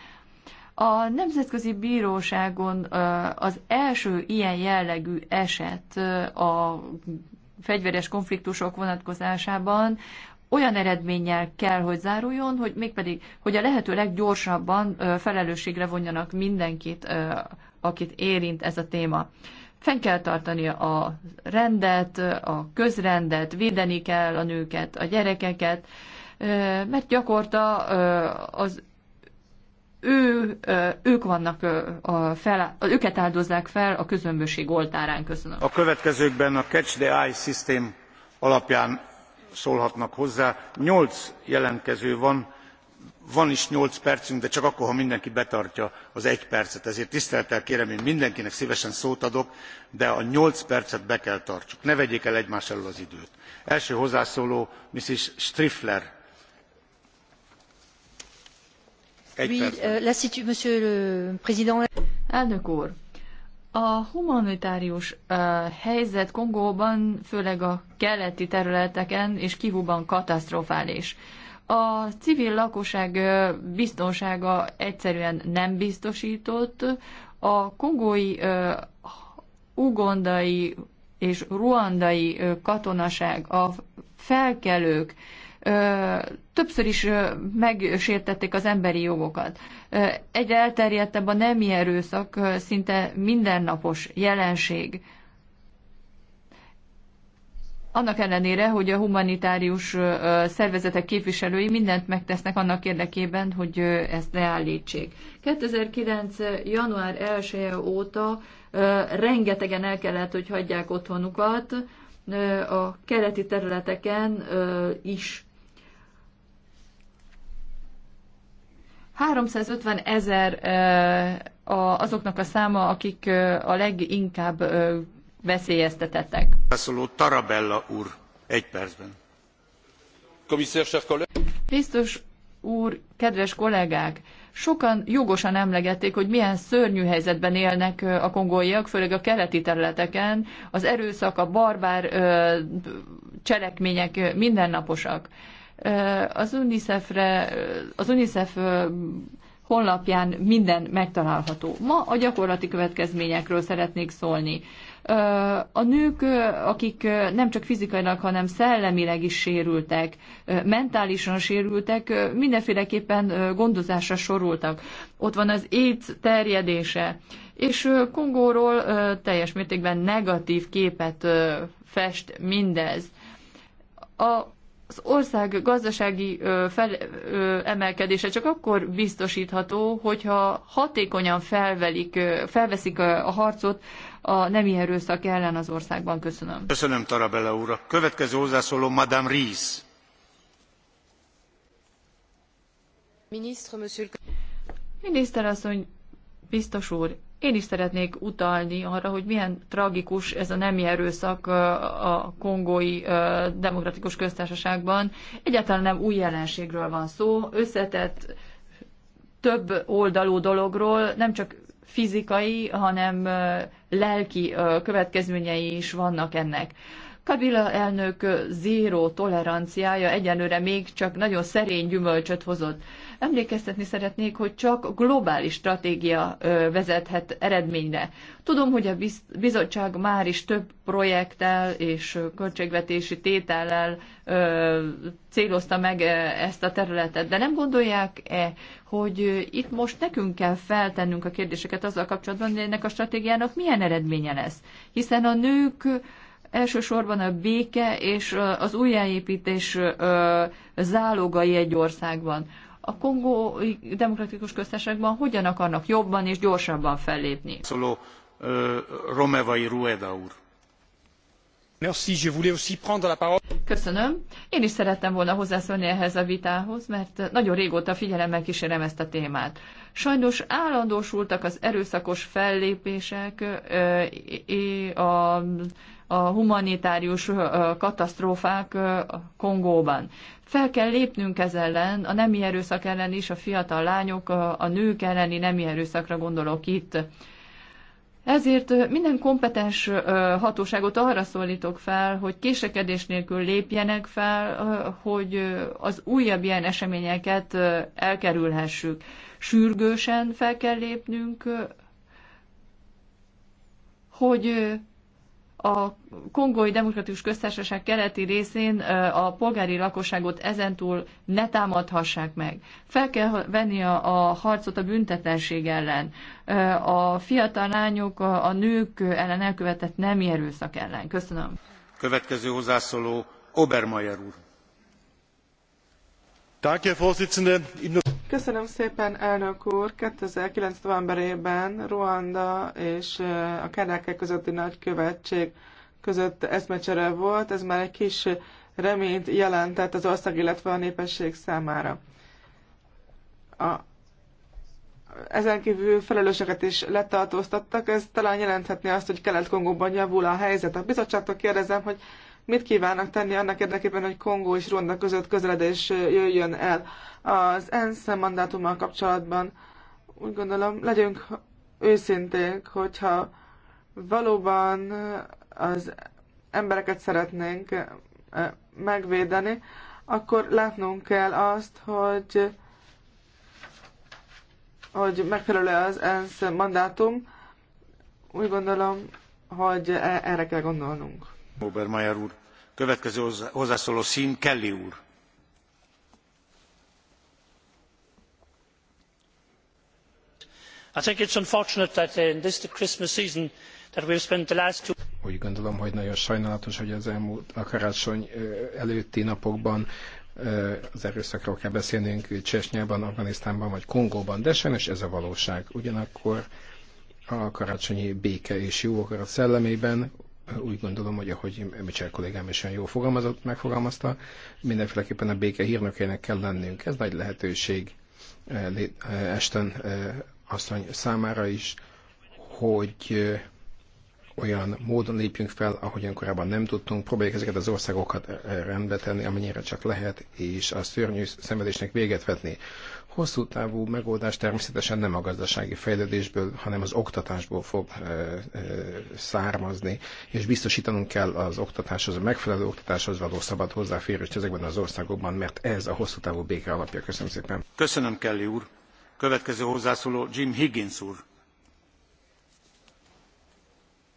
a Nemzetközi Bíróságon az első ilyen jellegű eset a fegyveres konfliktusok vonatkozásában olyan eredménnyel kell, hogy záruljon, hogy mégpedig, hogy a lehető leggyorsabban felelősségre vonjanak mindenkit, akit érint ez a téma. Fenn kell tartani a rendet, a közrendet, védeni kell a nőket, a gyerekeket, mert gyakorta az ő, ők vannak a fel, őket áldozzák fel a közömbösség oltárán. Köszönöm. A következőkben a Catch the Eye System alapján szólhatnak hozzá. Nyolc jelentkező van, van is nyolc percünk, de csak akkor, ha mindenki betartja az egy percet. Ezért tiszteltel kérem, én mindenkinek szívesen szót adok, de a nyolc percet be kell tartsuk. Ne vegyék el egymás elől az időt. Első hozzászóló Mrs. Striffler Euh, Elnök úr, a humanitárius uh, helyzet Kongóban, főleg a keleti területeken és Kivuban katasztrofális. A civil lakosság biztonsága egyszerűen nem biztosított. A kongói, uh, ugondai és ruandai katonaság, a felkelők, többször is megsértették az emberi jogokat. Egy elterjedtebb a nemi erőszak, szinte mindennapos jelenség. Annak ellenére, hogy a humanitárius szervezetek képviselői mindent megtesznek annak érdekében, hogy ezt leállítsék. 2009. január 1 -e óta rengetegen el kellett, hogy hagyják otthonukat, a keleti területeken is 350 ezer azoknak a száma, akik a leginkább veszélyeztetettek. Beszóló Tarabella úr, egy percben. Biztos úr, kedves kollégák! Sokan jogosan emlegették, hogy milyen szörnyű helyzetben élnek a kongóiak, főleg a keleti területeken. Az erőszak, a barbár cselekmények mindennaposak. Az unicef az UNICEF honlapján minden megtalálható. Ma a gyakorlati következményekről szeretnék szólni. A nők, akik nem csak fizikailag, hanem szellemileg is sérültek, mentálisan sérültek, mindenféleképpen gondozásra sorultak. Ott van az AIDS terjedése, és Kongóról teljes mértékben negatív képet fest mindez. A az ország gazdasági fel, emelkedése csak akkor biztosítható, hogyha hatékonyan felvelik, felveszik a harcot a nemi erőszak ellen az országban. Köszönöm. Köszönöm, Tarabella úr. következő hozzászóló Madame Ries. Miniszter asszony, biztos úr, én is szeretnék utalni arra, hogy milyen tragikus ez a nemi erőszak a kongói demokratikus köztársaságban. Egyáltalán nem új jelenségről van szó, összetett több oldalú dologról, nem csak fizikai, hanem lelki következményei is vannak ennek. Kabila elnök zéró toleranciája egyenlőre még csak nagyon szerény gyümölcsöt hozott. Emlékeztetni szeretnék, hogy csak globális stratégia vezethet eredményre. Tudom, hogy a bizottság már is több projekttel és költségvetési tétellel célozta meg ezt a területet, de nem gondolják-e, hogy itt most nekünk kell feltennünk a kérdéseket azzal kapcsolatban, hogy ennek a stratégiának milyen eredménye lesz? Hiszen a nők elsősorban a béke és az újjáépítés zálogai egy országban a Kongói Demokratikus Köztársaságban hogyan akarnak jobban és gyorsabban fellépni. Szóló Romevai Rueda úr. Köszönöm. Én is szerettem volna hozzászólni ehhez a vitához, mert nagyon régóta figyelemmel kísérem ezt a témát. Sajnos állandósultak az erőszakos fellépések, a, a humanitárius katasztrófák Kongóban. Fel kell lépnünk ez ellen, a nemi erőszak ellen is, a fiatal lányok, a, a nők elleni nemi erőszakra gondolok itt. Ezért minden kompetens hatóságot arra szólítok fel, hogy késekedés nélkül lépjenek fel, hogy az újabb ilyen eseményeket elkerülhessük. Sürgősen fel kell lépnünk, hogy a Kongói Demokratikus Köztársaság keleti részén a polgári lakosságot ezentúl ne támadhassák meg. Fel kell venni a, a harcot a büntetlenség ellen, a fiatal lányok, a nők ellen elkövetett nemi erőszak ellen. Köszönöm. Következő hozzászóló Obermeier úr. Köszönöm szépen, elnök úr! nine novemberében Ruanda és a Kedáke közötti nagykövetség között eszmecsere volt, ez már egy kis reményt jelentett az ország, illetve a népesség számára. ezenkvül ezen kívül is letartóztattak, ez talán jelenthetné azt, hogy Kelet-Kongóban javul a helyzet. A bizottságtól kérdezem, hogy Mit kívánnak tenni annak érdekében, hogy Kongó és Ronda között közeledés jöjjön el? Az ENSZ mandátummal kapcsolatban úgy gondolom, legyünk őszinték, hogyha valóban az embereket szeretnénk megvédeni, akkor látnunk kell azt, hogy hogy megfelelő az ENSZ mandátum. Úgy gondolom, hogy e- erre kell gondolnunk. Következő Szín úr. I think it's unfortunate that in uh, this Christmas season that we've spent the last two úgy gondolom, hogy nagyon sajnálatos, hogy az elmúlt a karácsony előtti napokban az erőszakról kell beszélnünk Csesnyában, Afganisztánban vagy Kongóban, de sajnos ez a valóság. Ugyanakkor a karácsonyi béke és jó akarat szellemében úgy gondolom, hogy ahogy Mitchell kollégám is olyan jól fogalmazott, megfogalmazta, mindenféleképpen a béke hírnökének kell lennünk. Ez nagy lehetőség eh, eh, Esten eh, asszony számára is, hogy olyan módon lépjünk fel, ahogyan korábban nem tudtunk, próbáljuk ezeket az országokat eh, eh, rendbe tenni, amennyire csak lehet, és a szörnyű szenvedésnek véget vetni. Hosszú távú megoldás természetesen nem a gazdasági fejlődésből, hanem az oktatásból fog e, e, származni, és biztosítanunk kell az oktatáshoz, a megfelelő oktatáshoz való szabad hozzáférést ezekben az országokban, mert ez a hosszú távú béke alapja. Köszönöm szépen. Köszönöm, Kelly úr. Következő hozzászóló Jim Higgins úr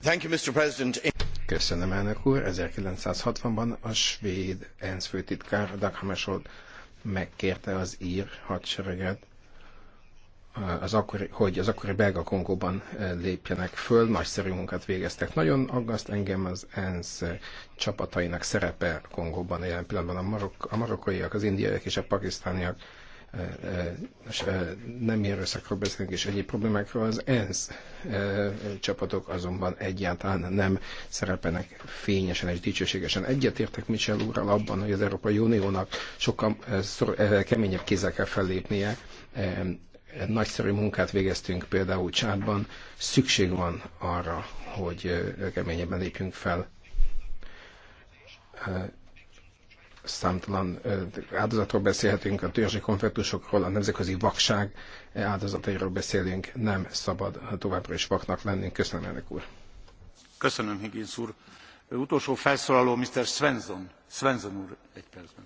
mr president. Köszönöm, hundred úr. sixty ban a svéd ENSZ főtitkár Dag Hammarskjöld megkérte az ír hadsereget, eh, az hogy az akkori belga Kongóban eh, lépjenek föl, nagyszerű munkát végeztek. Nagyon aggaszt engem az ENSZ eh, csapatainak szerepe Kongóban jelen pillanatban a, marokkóiak az indiaiak és a pakisztániak és nem erőszakról beszélünk és egyéb problémákról, az ENSZ csapatok azonban egyáltalán nem szerepelnek fényesen és dicsőségesen. Egyetértek Michel úrral abban, hogy az Európai Uniónak sokkal keményebb kézzel kell fellépnie, nagyszerű munkát végeztünk például Csádban, szükség van arra, hogy keményebben lépjünk fel számtalan áldozatról beszélhetünk, a törzsi konfliktusokról, a nemzetközi vakság áldozatairól beszélünk, nem szabad továbbra is vaknak lenni. Köszönöm, elnök úr. Köszönöm, Higgins úr. Utolsó felszólaló Mr. Svensson. Svensson úr, egy percben.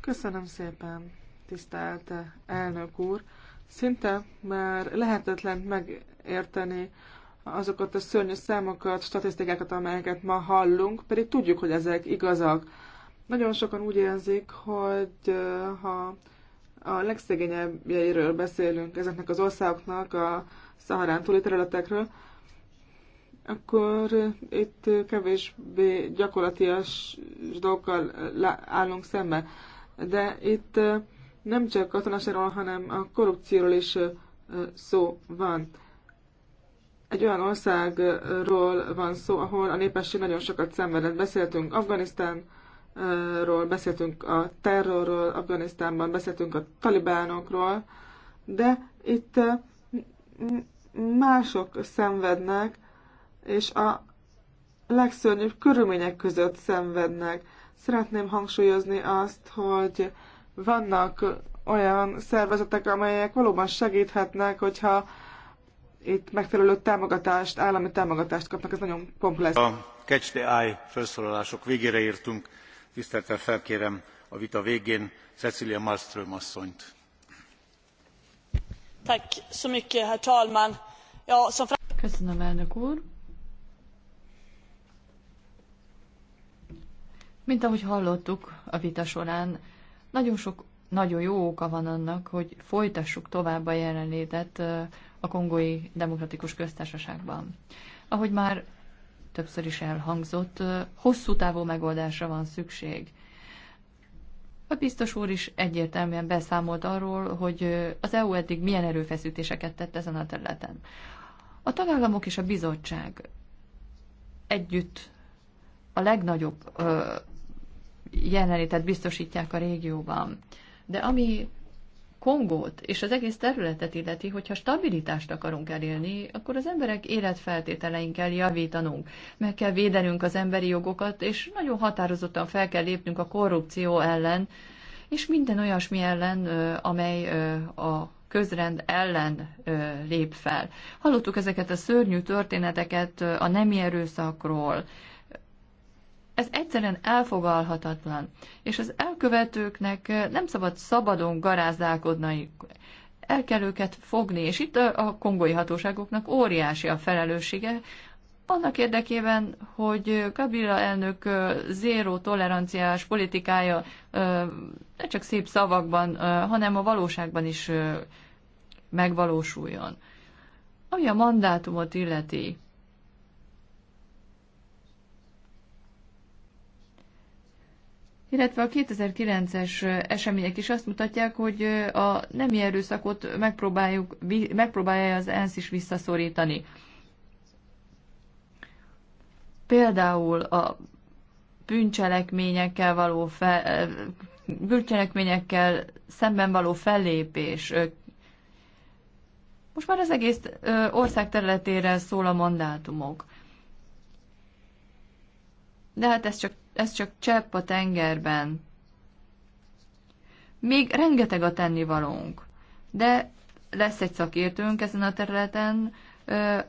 Köszönöm szépen, tisztelt elnök úr. Szinte már lehetetlen megérteni azokat a szörnyű számokat, statisztikákat, amelyeket ma hallunk, pedig tudjuk, hogy ezek igazak. Nagyon sokan úgy érzik, hogy ha a legszegényebbjeiről beszélünk ezeknek az országoknak, a szaharán túli területekről, akkor itt kevésbé gyakorlatias dolgokkal állunk szembe. De itt nem csak katonaságról, hanem a korrupcióról is szó van. Egy olyan országról van szó, ahol a népesség nagyon sokat szenvedett. Beszéltünk Afganisztánról, beszéltünk a terrorról Afganisztánban, beszéltünk a talibánokról, de itt eh, mások szenvednek, és a legszörnyűbb körülmények között szenvednek. Szeretném hangsúlyozni azt, hogy vannak olyan szervezetek, amelyek valóban segíthetnek, hogyha itt megfelelő támogatást, állami támogatást kapnak, ez nagyon komplex. A Catch the Eye felszólalások végére értünk. Tiszteltel felkérem a vita végén Cecilia Malmström asszonyt. Köszönöm, elnök úr. Mint ahogy hallottuk a vita során, nagyon sok nagyon jó oka van annak, hogy folytassuk tovább a jelenlétet a Kongói Demokratikus Köztársaságban. Ahogy már többször is elhangzott, hosszú távú megoldásra van szükség. A biztos úr is egyértelműen beszámolt arról, hogy az EU eddig milyen erőfeszítéseket tett ezen a területen. A tagállamok és a bizottság együtt a legnagyobb jelenlétet biztosítják a régióban. De ami Kongót és az egész területet illeti, hogyha stabilitást akarunk elérni, akkor az emberek életfeltételein kell javítanunk. Meg kell védenünk az emberi jogokat, és nagyon határozottan fel kell lépnünk a korrupció ellen, és minden olyasmi ellen, amely a közrend ellen lép fel. Hallottuk ezeket a szörnyű történeteket a nemi erőszakról, ez egyszerűen elfogalhatatlan, és az elkövetőknek eh, nem szabad szabadon garázdálkodni, el kell őket fogni, és itt eh, a kongói hatóságoknak óriási a felelőssége, annak érdekében, hogy eh, Kabila elnök zéró toleranciás politikája ne csak szép szavakban, hanem a valóságban is megvalósuljon. Ami a mandátumot illeti, illetve a 2009-es események is azt mutatják, hogy a nemi erőszakot megpróbáljuk, megpróbálja az ENSZ is visszaszorítani. Például a bűncselekményekkel való fe, bűncselekményekkel szemben való fellépés. Most már az egész ország területére szól a mandátumok. De hát ez csak ez csak csepp a tengerben. Még rengeteg a tennivalónk, de lesz egy szakértőnk ezen a területen,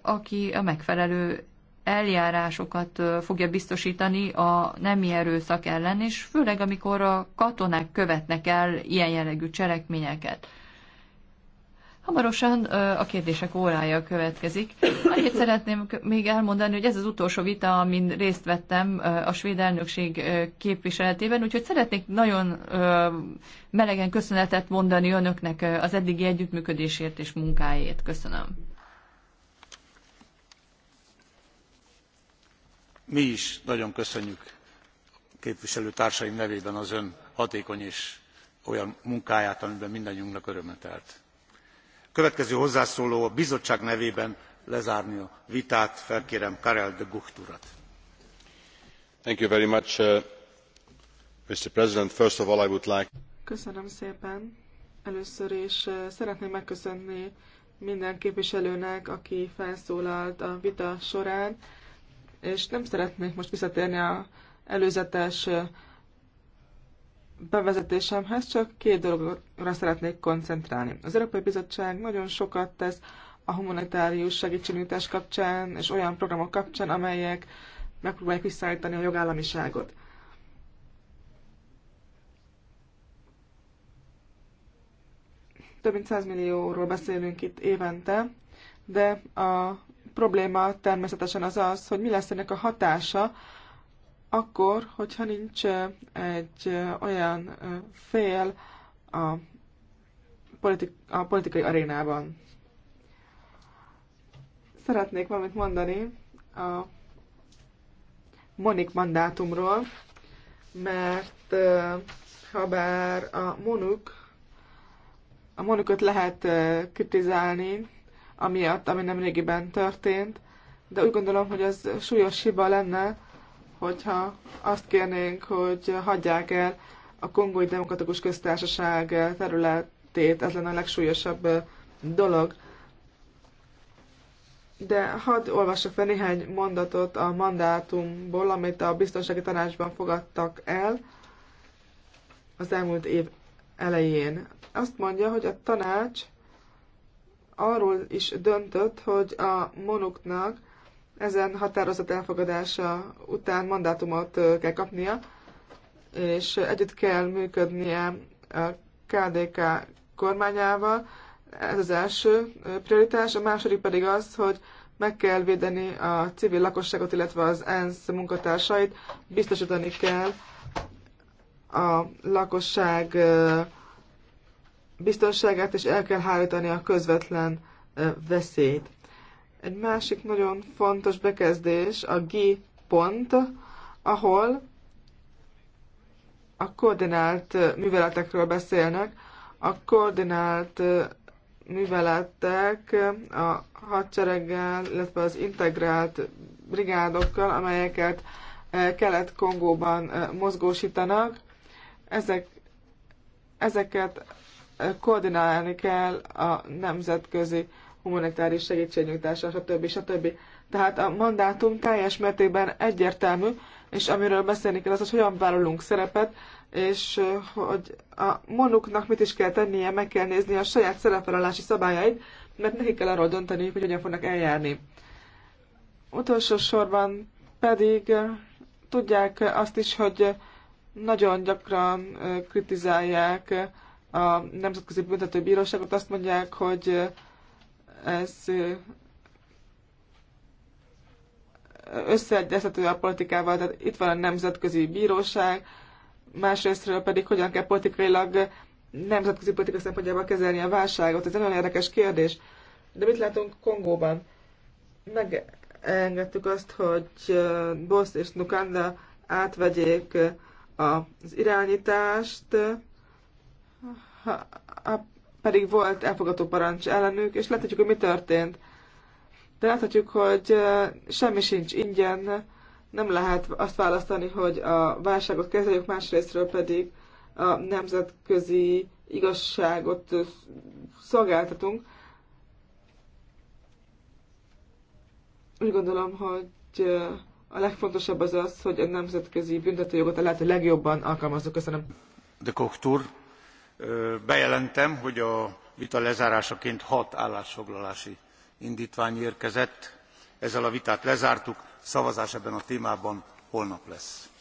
aki a megfelelő eljárásokat fogja biztosítani a nemi erőszak ellen, és főleg amikor a katonák követnek el ilyen jellegű cselekményeket. Hamarosan a kérdések órája következik. Annyit szeretném még elmondani, hogy ez az utolsó vita, amin részt vettem a svéd elnökség képviseletében, úgyhogy szeretnék nagyon melegen köszönetet mondani önöknek az eddigi együttműködésért és munkáért. Köszönöm. Mi is nagyon köszönjük társaim nevében az ön hatékony és olyan munkáját, amiben mindannyiunknak örömet telt következő hozzászóló a bizottság nevében lezárni a vitát felkérem karel de gucht urat. Uh, köszönöm szépen először is uh, szeretném megköszönni minden képviselőnek aki felszólalt a vita során és nem szeretnék most visszatérni az előzetes uh, bevezetésemhez csak két dologra szeretnék koncentrálni. Az Európai Bizottság nagyon sokat tesz a humanitárius segítségnyújtás kapcsán és olyan programok kapcsán, amelyek megpróbálják visszaállítani a jogállamiságot. Több mint 100 millióról beszélünk itt évente, de a probléma természetesen az az, hogy mi lesz ennek a hatása akkor, hogyha nincs egy olyan fél a, politi- a politikai arénában. Szeretnék valamit mondani a Monik mandátumról, mert ha bár a Monuk, a Monukot lehet kritizálni, amiatt, ami nem régiben történt, de úgy gondolom, hogy az súlyos hiba lenne, hogyha azt kérnénk, hogy hagyják el a Kongói Demokratikus Köztársaság területét, ez lenne a legsúlyosabb dolog. De hadd olvassak fel néhány mondatot a mandátumból, amit a biztonsági tanácsban fogadtak el az elmúlt év elején. Azt mondja, hogy a tanács arról is döntött, hogy a monoknak ezen határozat elfogadása után mandátumot kell kapnia, és együtt kell működnie a KDK kormányával. Ez az első prioritás. A második pedig az, hogy meg kell védeni a civil lakosságot, illetve az ENSZ munkatársait. Biztosítani kell a lakosság biztonságát, és el kell hárítani a közvetlen veszélyt. Egy másik nagyon fontos bekezdés a G pont, ahol a koordinált műveletekről beszélnek. A koordinált műveletek a hadsereggel, illetve az integrált brigádokkal, amelyeket Kelet-Kongóban mozgósítanak. Ezek, ezeket koordinálni kell a nemzetközi humanitáris segítségnyújtása, stb. stb. Tehát a mandátum teljes mértékben egyértelmű, és amiről beszélni kell, az, hogy hogyan vállalunk szerepet, és hogy a monuknak mit is kell tennie, meg kell nézni a saját szerepvállalási szabályait, mert nekik kell arról dönteni, hogy hogyan fognak eljárni. Utolsó sorban pedig tudják azt is, hogy nagyon gyakran kritizálják a Nemzetközi Büntetőbíróságot, azt mondják, hogy ez összeegyeztető a politikával, tehát itt van a nemzetközi bíróság, másrésztről pedig hogyan kell politikailag nemzetközi politika szempontjából kezelni a válságot. Ez egy nagyon érdekes kérdés. De mit látunk Kongóban? Megengedtük azt, hogy Bosz és Nukanda átvegyék az irányítást. Ha, pedig volt elfogadó parancs ellenük, és láthatjuk, hogy mi történt. De láthatjuk, hogy semmi sincs ingyen, nem lehet azt választani, hogy a válságot kezeljük, másrésztről pedig a nemzetközi igazságot szolgáltatunk. Úgy gondolom, hogy a legfontosabb az az, hogy a nemzetközi büntetőjogot a lehető legjobban alkalmazzuk. Köszönöm. De Koktúr bejelentem hogy a vita lezárásaként hat állásfoglalási indtvány érkezett ezzel a vitát lezártuk szavazás ebben a témában holnap lesz.